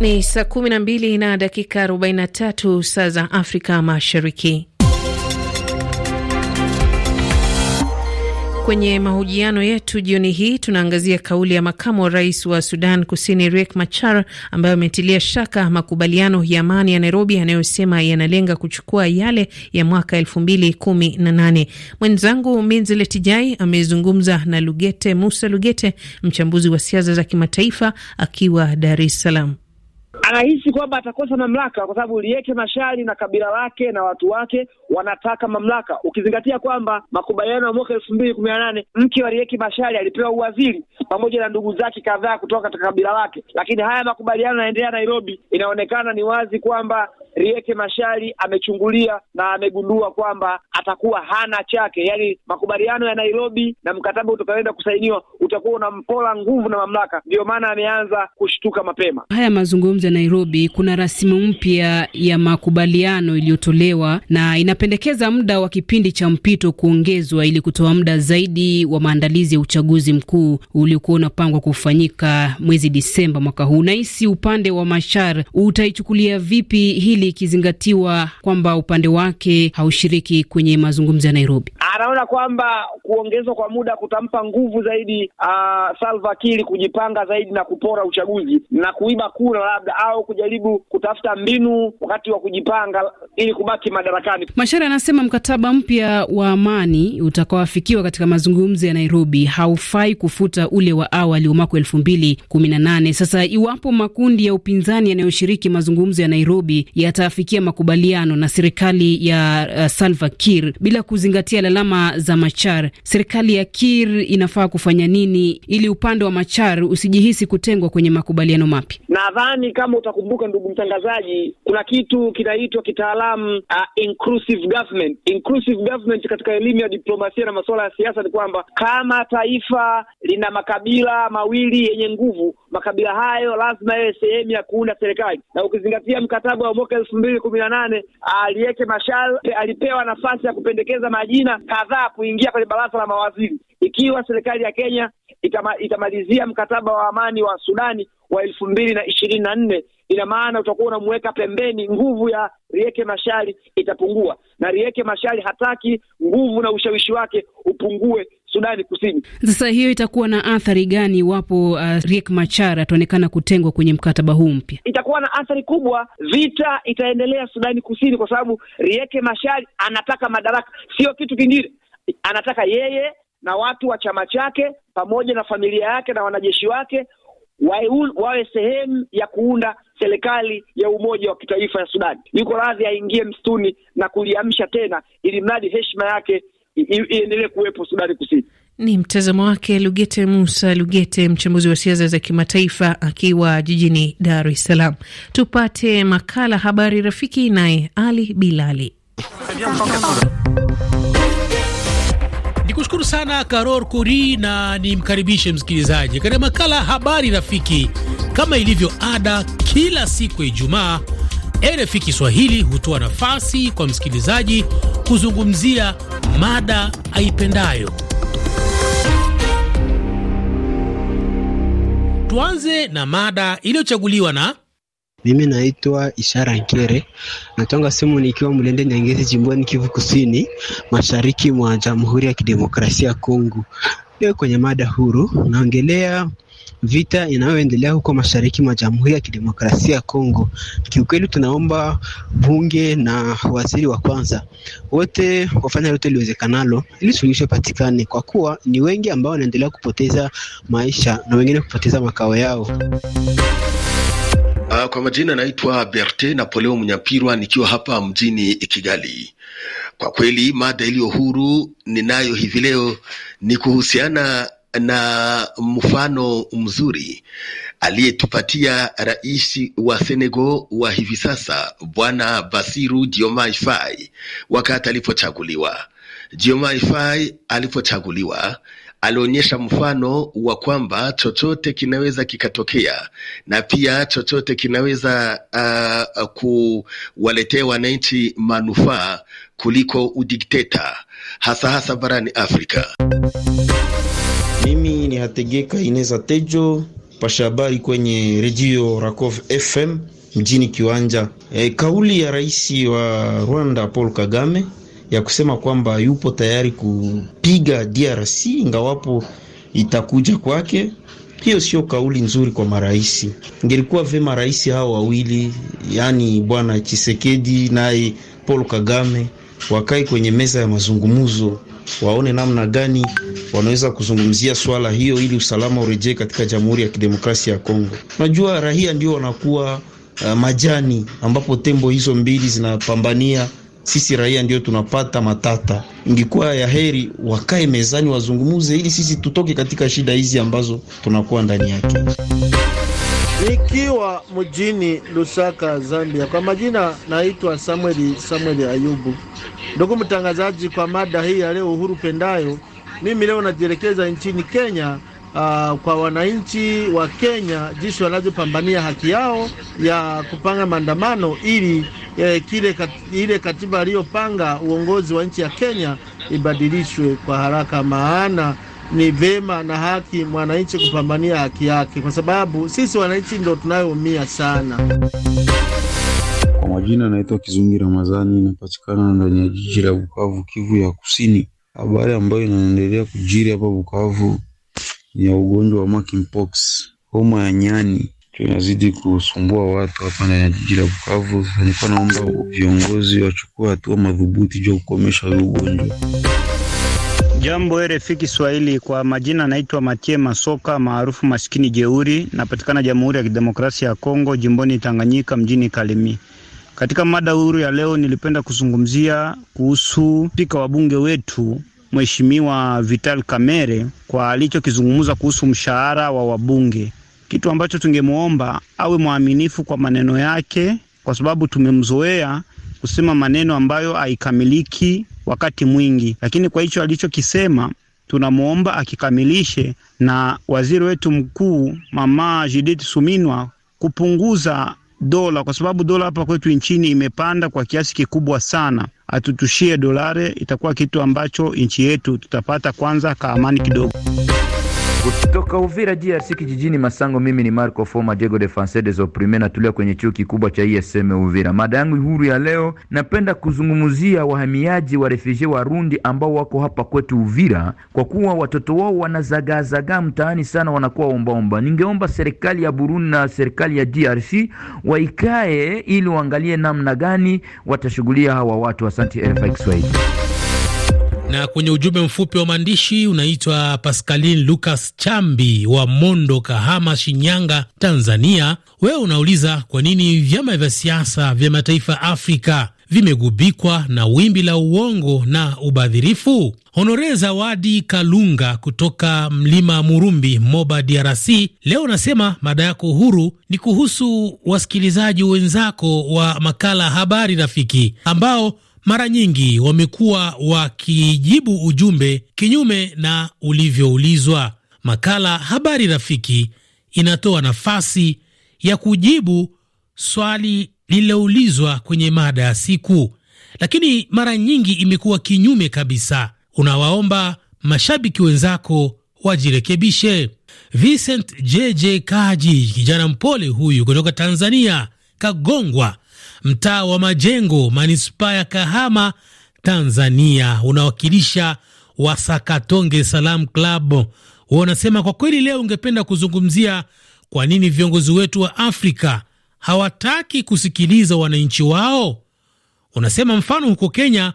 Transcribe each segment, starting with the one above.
Ni saa 12 na dakika 43 saa za Afrika Mashariki. Kwenye mahojiano yetu jioni hii tunaangazia kauli ya makamu wa rais wa Sudan Kusini Riek Machar ambayo ametilia shaka makubaliano ya amani ya Nairobi yanayosema yanalenga kuchukua yale ya mwaka elfu mbili kumi na nane. Mwenzangu Minzile Tijai amezungumza na Lugete Musa Lugete, mchambuzi wa siasa za kimataifa akiwa Dar es Salaam anahisi kwamba atakosa mamlaka kwa sababu rieke Mashari na kabila lake na watu wake wanataka mamlaka, ukizingatia kwamba makubaliano ya mwaka elfu mbili kumi na nane mke wa rieke Mashari alipewa uwaziri pamoja na ndugu zake kadhaa kutoka katika kabila lake, lakini haya makubaliano yanaendelea Nairobi, inaonekana ni wazi kwamba Rieke Mashari amechungulia na amegundua kwamba atakuwa hana chake, yaani makubaliano ya Nairobi na mkataba utakaoenda kusainiwa utakuwa unampola nguvu na mamlaka. Ndiyo maana ameanza kushtuka mapema. Haya mazungumzo ya Nairobi, kuna rasimu mpya ya makubaliano iliyotolewa na inapendekeza muda wa kipindi cha mpito kuongezwa ili kutoa muda zaidi wa maandalizi ya uchaguzi mkuu uliokuwa unapangwa kufanyika mwezi Disemba mwaka huu. Nahisi upande wa Mashar utaichukulia vipi hili hili ikizingatiwa kwamba upande wake haushiriki kwenye mazungumzo ya Nairobi? Anaona ah, kwamba kuongezwa kwa muda kutampa nguvu zaidi uh, Salva Kiir kujipanga zaidi na kupora uchaguzi na kuiba kura labda, au kujaribu kutafuta mbinu wakati wa kujipanga ili kubaki madarakani. Mashara anasema mkataba mpya wa amani utakaoafikiwa katika mazungumzo ya Nairobi haufai kufuta ule wa awali wa mwaka elfu mbili kumi na nane. Sasa iwapo makundi ya upinzani yanayoshiriki mazungumzo ya Nairobi ya yataafikia makubaliano na serikali ya uh, Salva Kiir bila kuzingatia lalama za Machar. Serikali ya Kiir inafaa kufanya nini ili upande wa Machar usijihisi kutengwa kwenye makubaliano mapya? Nadhani kama utakumbuka, ndugu mtangazaji, kuna kitu kinaitwa kitaalamu uh, inclusive government. Inclusive government katika elimu ya diplomasia na masuala ya siasa ni kwamba kama taifa lina makabila mawili yenye nguvu, makabila hayo lazima yawe sehemu ya kuunda serikali, na ukizingatia mkataba wa mwaka elfu mbili kumi na nane Alieke Mashal eh, alipewa nafasi ya kupendekeza majina kadhaa kuingia kwenye baraza la mawaziri, ikiwa serikali ya Kenya itama, itamalizia mkataba wa amani wa Sudani wa elfu mbili na ishirini na nne ina maana utakuwa unamuweka pembeni, nguvu ya Rieke Mashari itapungua, na Rieke Mashari hataki nguvu na ushawishi wake upungue Sudani Kusini. Sasa hiyo itakuwa na athari gani iwapo uh, Riek Machar ataonekana kutengwa kwenye mkataba huu mpya? Itakuwa na athari kubwa, vita itaendelea Sudani Kusini kwa sababu Rieke Mashari anataka madaraka, sio kitu kingine. Anataka yeye na watu wa chama chake pamoja na familia yake na wanajeshi wake wawe sehemu ya kuunda serikali ya umoja wa kitaifa ya Sudani. Yuko radhi aingie msituni na kuliamsha tena, ili mradi heshima yake iendelee kuwepo Sudani Kusini. Ni mtazamo wake Lugete Musa Lugete, mchambuzi wa siasa za kimataifa akiwa jijini Dar es Salaam. Tupate makala Habari Rafiki naye Ali Bilali Nakushukuru sana karor Kuri na nimkaribishe msikilizaji katika makala Habari Rafiki. Kama ilivyo ada, kila siku ya Ijumaa RFI Kiswahili hutoa nafasi kwa msikilizaji kuzungumzia mada aipendayo. Tuanze na mada iliyochaguliwa na mimi naitwa Ishara Nkere, natonga simu nikiwa Mlende Nyangezi, jimboni Kivu Kusini, mashariki mwa Jamhuri ya Kidemokrasia ya Kongo. Leo kwenye mada huru naongelea vita inayoendelea huko mashariki mwa Jamhuri ya Kidemokrasia ya Kongo. Kiukweli, tunaomba bunge na waziri wa kwanza wote wafanya yote liwezekanalo ili suluhisho patikane, kwa kuwa ni wengi ambao wanaendelea kupoteza maisha na wengine kupoteza makao yao. Uh, kwa majina naitwa Berte Napoleo Mnyapirwa nikiwa hapa mjini Kigali. Kwa kweli mada iliyo huru ninayo hivi leo ni kuhusiana na mfano mzuri aliyetupatia rais wa Senegal wa hivi sasa Bwana Basiru Diomaye Faye wakati alipochaguliwa. Diomaye Faye alipochaguliwa alionyesha mfano wa kwamba chochote kinaweza kikatokea na pia chochote kinaweza uh, uh, kuwaletea wananchi manufaa kuliko udikteta hasa hasa barani Afrika. Mimi ni Hategeka Ineza Tejo, pasha habari kwenye redio Rakov FM mjini Kiwanja. E, kauli ya rais wa Rwanda Paul Kagame ya kusema kwamba yupo tayari kupiga DRC ingawapo itakuja kwake. Hiyo sio kauli nzuri kwa marais. Ingelikuwa vema rais hao wawili, yaani bwana Chisekedi naye Paul Kagame, wakae kwenye meza ya mazungumzo, waone namna gani wanaweza kuzungumzia swala hiyo ili usalama urejee katika Jamhuri ya Kidemokrasia ya Kongo. najua raia ndio wanakuwa uh, majani ambapo tembo hizo mbili zinapambania sisi raia ndio tunapata matata. Ingekuwa ya heri wakae mezani, wazungumuze ili sisi tutoke katika shida hizi ambazo tunakuwa ndani yake. Nikiwa mjini Lusaka, Zambia, kwa majina naitwa Samueli Samueli Ayubu. Ndugu mtangazaji, kwa mada hii ya leo, uhuru pendayo, mimi leo najielekeza nchini Kenya uh, kwa wananchi wa Kenya jinsi wanavyopambania haki yao ya kupanga maandamano ili eh, kile kat, ile katiba aliyopanga uongozi wa nchi ya Kenya ibadilishwe kwa haraka, maana ni vema na haki mwananchi kupambania haki yake, kwa sababu sisi wananchi ndo tunayoumia sana. Kwa majina naitwa Kizungi Ramadhani, inapatikana ndani ya jiji la Bukavu, Kivu ya Kusini. Habari ambayo inaendelea kujiri hapa Bukavu ya ugonjwa wa monkeypox, homa ya nyani inazidi kusumbua watu hapa ndani ya jiji la Bukavu. Sasa nilikuwa naomba viongozi wachukua hatua madhubuti juu ya kukomesha huu ugonjwa. Jambo RFI Kiswahili, kwa majina naitwa Matie Masoka maarufu maskini jeuri, napatikana Jamhuri ya Kidemokrasia ya Kongo, jimboni Tanganyika, mjini Kalemi. Katika mada huru ya leo, nilipenda kuzungumzia kuhusu spika wa bunge wetu mheshimiwa Vital Kamerhe kwa alichokizungumza kuhusu mshahara wa wabunge, kitu ambacho tungemwomba awe mwaminifu kwa maneno yake, kwa sababu tumemzoea kusema maneno ambayo haikamiliki wakati mwingi, lakini kwa hicho alichokisema tunamwomba akikamilishe, na waziri wetu mkuu Mama Judith Suminwa kupunguza dola, kwa sababu dola hapa kwetu nchini imepanda kwa kiasi kikubwa sana atutushie dolare, itakuwa kitu ambacho nchi yetu tutapata kwanza kaamani kidogo. Kutoka Uvira DRC kijijini Masango, mimi ni Marco Foma Diego de Fance des Opprime, natulia kwenye chuo kikubwa cha ISM Uvira. Mada yangu huru ya leo, napenda kuzungumzia wahamiaji wa refugee Warundi ambao wako hapa kwetu Uvira, kwa kuwa watoto wao wanazagaazagaa mtaani sana, wanakuwa ombaomba. Ningeomba serikali ya Burundi na serikali ya DRC waikae ili waangalie namna gani watashughulia hawa watu. Asante RFI Kiswahili. Na kwenye ujumbe mfupi wa maandishi unaitwa pascalin Lucas Chambi wa Mondo, Kahama, Shinyanga, Tanzania. Wewe unauliza kwa nini vyama vya siasa vya mataifa Afrika vimegubikwa na wimbi la uongo na ubadhirifu. Honore Zawadi Kalunga kutoka Mlima Murumbi, Moba, DRC, leo unasema mada yako huru ni kuhusu wasikilizaji wenzako wa makala Habari Rafiki ambao mara nyingi wamekuwa wakijibu ujumbe kinyume na ulivyoulizwa. Makala Habari Rafiki inatoa nafasi ya kujibu swali lililoulizwa kwenye mada ya siku, lakini mara nyingi imekuwa kinyume kabisa. Unawaomba mashabiki wenzako wajirekebishe. Vincent JJ Kaji, kijana mpole huyu kutoka Tanzania, kagongwa mtaa wa Majengo, manispaa ya Kahama, Tanzania. Unawakilisha Wasakatonge Salam Club. Wanasema kwa kweli, leo ungependa kuzungumzia kwa nini viongozi wetu wa Afrika hawataki kusikiliza wananchi wao. Unasema mfano, huko Kenya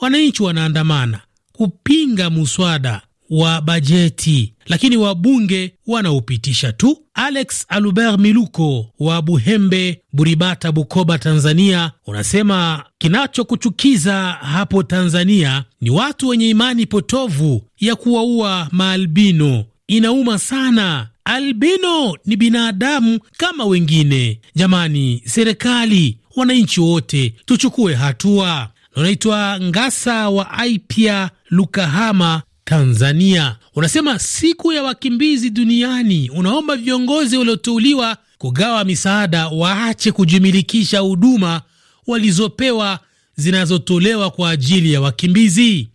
wananchi wanaandamana kupinga muswada wa bajeti, lakini wabunge wanaopitisha tu. Alex Alubert Miluko wa Buhembe, Buribata, Bukoba, Tanzania, unasema kinachokuchukiza hapo Tanzania ni watu wenye imani potovu ya kuwaua maalbino. Inauma sana. Albino ni binadamu kama wengine. Jamani, serikali, wananchi wote tuchukue hatua. Unaitwa Ngasa wa Aipya, Lukahama Tanzania. Unasema siku ya wakimbizi duniani, unaomba viongozi walioteuliwa kugawa misaada waache kujimilikisha huduma walizopewa zinazotolewa kwa ajili ya wakimbizi.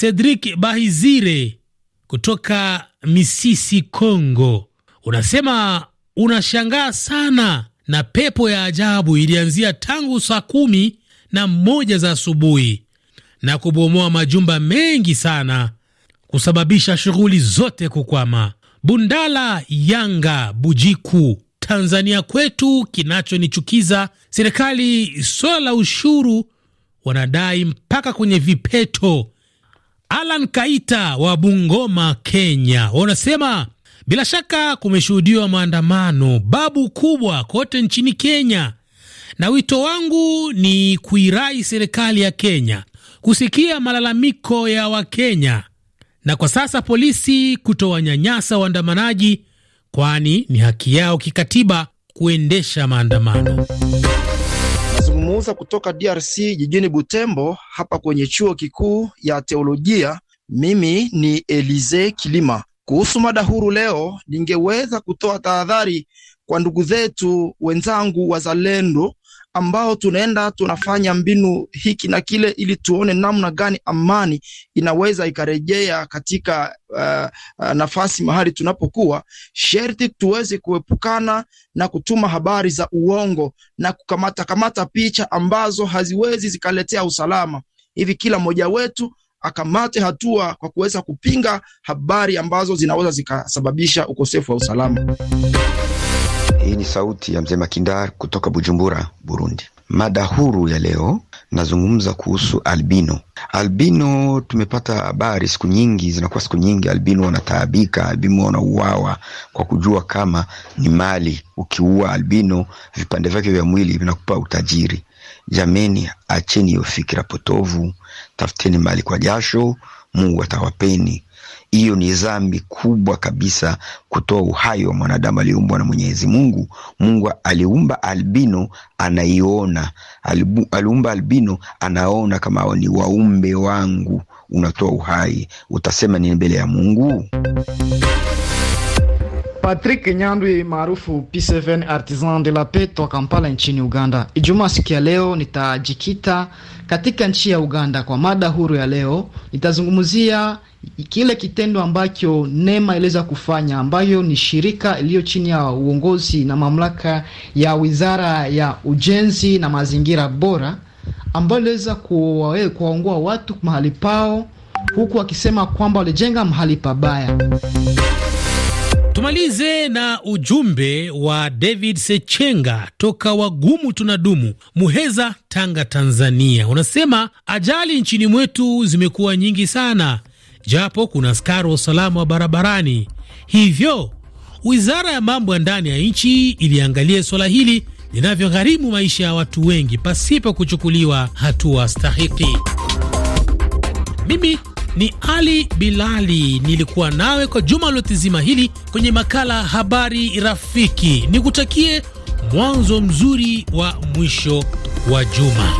Cedric Bahizire kutoka Misisi, Kongo, unasema unashangaa sana na pepo ya ajabu ilianzia tangu saa kumi na moja za asubuhi na kubomoa majumba mengi sana kusababisha shughuli zote kukwama. Bundala Yanga Bujiku, Tanzania kwetu. Kinachonichukiza serikali, swala la ushuru wanadai mpaka kwenye vipeto. Alan Kaita wa Bungoma, Kenya, wanasema bila shaka kumeshuhudiwa maandamano babu kubwa kote nchini Kenya, na wito wangu ni kuirai serikali ya Kenya kusikia malalamiko ya Wakenya na kwa sasa polisi kutowanyanyasa waandamanaji, kwani ni haki yao kikatiba kuendesha maandamano. Nazungumuza kutoka DRC jijini Butembo, hapa kwenye chuo kikuu ya teolojia. Mimi ni Elize Kilima. Kuhusu mada huru leo, ningeweza kutoa tahadhari kwa ndugu zetu wenzangu wazalendo ambao tunaenda tunafanya mbinu hiki na kile, ili tuone namna gani amani inaweza ikarejea katika uh, uh, nafasi mahali tunapokuwa. Sherti tuweze kuepukana na kutuma habari za uongo na kukamata kamata picha ambazo haziwezi zikaletea usalama. Hivi kila mmoja wetu akamate hatua kwa kuweza kupinga habari ambazo zinaweza zikasababisha ukosefu wa usalama. Hii ni sauti ya mzee Makindar kutoka Bujumbura, Burundi. Mada huru ya leo nazungumza kuhusu albino. Albino tumepata habari siku nyingi, zinakuwa siku nyingi, albino wanataabika, albino wanauawa kwa kujua kama ni mali. Ukiua albino, vipande vyake vya mwili vinakupa utajiri. Jameni, acheni hiyo fikira potovu, tafuteni mali kwa jasho, Mungu atawapeni. Hiyo ni dhambi kubwa kabisa, kutoa uhai wa mwanadamu aliumbwa na Mwenyezi Mungu. Mungu aliumba albino, anaiona aliumba albino, anaona kama ni waumbe wangu. Unatoa uhai, utasema nini mbele ya Mungu? Patrick Nyandwi maarufu P7 Artisan de la Paix toka Kampala nchini Uganda. Ijumaa siku ya leo nitajikita katika nchi ya Uganda. Kwa mada huru ya leo nitazungumzia kile kitendo ambacho NEMA iliweza kufanya, ambayo ni shirika iliyo chini ya uongozi na mamlaka ya Wizara ya Ujenzi na Mazingira Bora, ambayo iliweza kuwaongoa watu mahali pao, huku wakisema kwamba walijenga mahali pabaya. Tumalize na ujumbe wa David Sechenga toka Wagumu Tunadumu, Muheza, Tanga, Tanzania. Unasema ajali nchini mwetu zimekuwa nyingi sana, japo kuna askari wa usalama wa barabarani, hivyo wizara ya mambo ya ndani ya nchi iliangalia swala hili linavyogharimu maisha ya watu wengi pasipo kuchukuliwa hatua stahiki. Mimi ni Ali Bilali. Nilikuwa nawe kwa juma lotizima hili kwenye makala Habari Rafiki. Nikutakie mwanzo mzuri wa mwisho wa juma.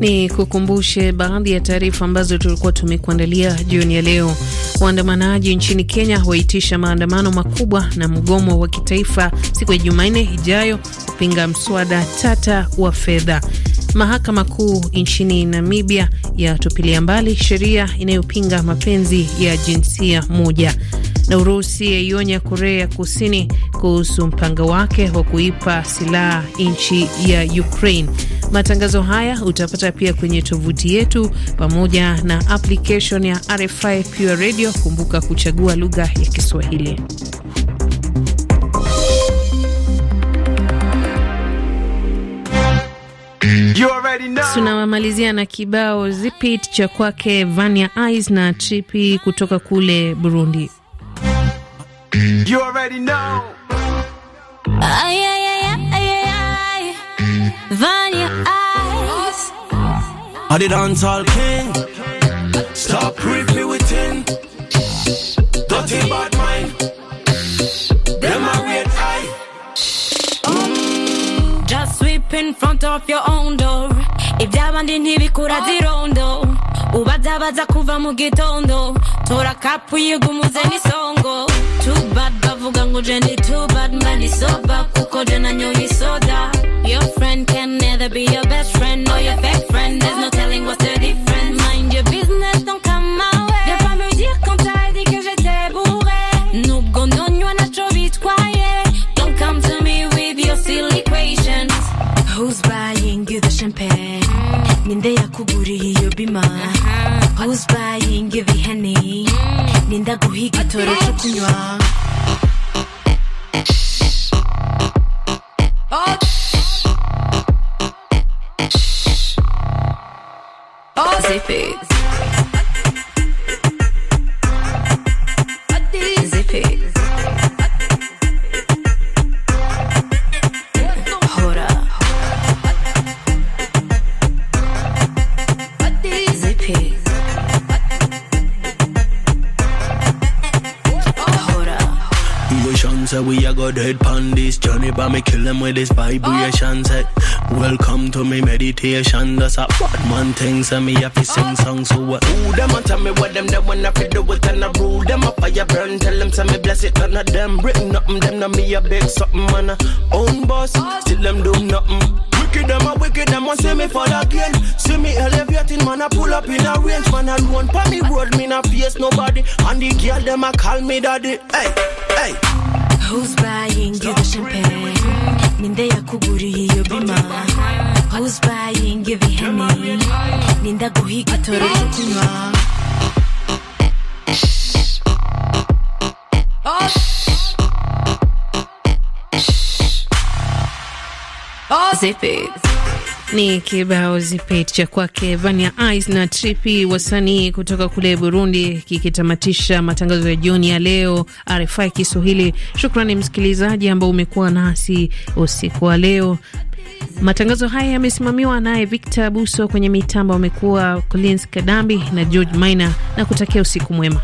Ni kukumbushe baadhi ya taarifa ambazo tulikuwa tumekuandalia jioni ya leo. Waandamanaji nchini Kenya waitisha maandamano makubwa na mgomo wa kitaifa siku ya Jumanne ijayo kupinga mswada tata wa fedha. Mahakama Kuu nchini Namibia yatupilia mbali sheria inayopinga mapenzi ya jinsia moja, na Urusi yaionya Korea Kusini kuhusu mpango wake wa kuipa silaha nchi ya Ukraine. Matangazo haya utapata pia kwenye tovuti yetu pamoja na application ya RFI Pure Radio. Kumbuka kuchagua lugha ya Kiswahili. Tunawamalizia na kibao zipit cha kwake Vania Ice na Tripi kutoka kule Burundi. You off your own door ibyabandi ntibikura zirondo ubadabaza kuva mu gitondo tora kapu yigumize n'isongo too bad bavuga ngo jeni too bad mani soba kuko jena nanyoye isoda your friend can never be your best friend or your fake friend there's no them with this vibration oh. set. Welcome to me meditation. That's a bad man thing. Send me if you oh. sing songs. So what? Ooh, them and tell me what them them when I feel do it and I rule them up. I burn. Tell them send me bless it. None of them written nothing. Them not me a big something man. a own boss. Still them do nothing. Wicked them a wicked them want see me for the gain. See me elevating man I pull up in a range man alone. Pa me road me not face nobody. And the girl them a call me daddy. Hey hey. Who's buying you the champagne? ninde yakuguriye iyo bima who's buying ibiheni ninde aguhiga itoro ryo kunywa Zip it. Ni kibao zipet cha kwake Vania Ice na Tripi, wasanii kutoka kule Burundi, kikitamatisha matangazo ya jioni ya leo RFI Kiswahili. Shukrani msikilizaji ambao umekuwa nasi usiku wa leo. Matangazo haya yamesimamiwa naye Victor Buso, kwenye mitambo amekuwa Collins Kadambi na George Maina, na kutakia usiku mwema.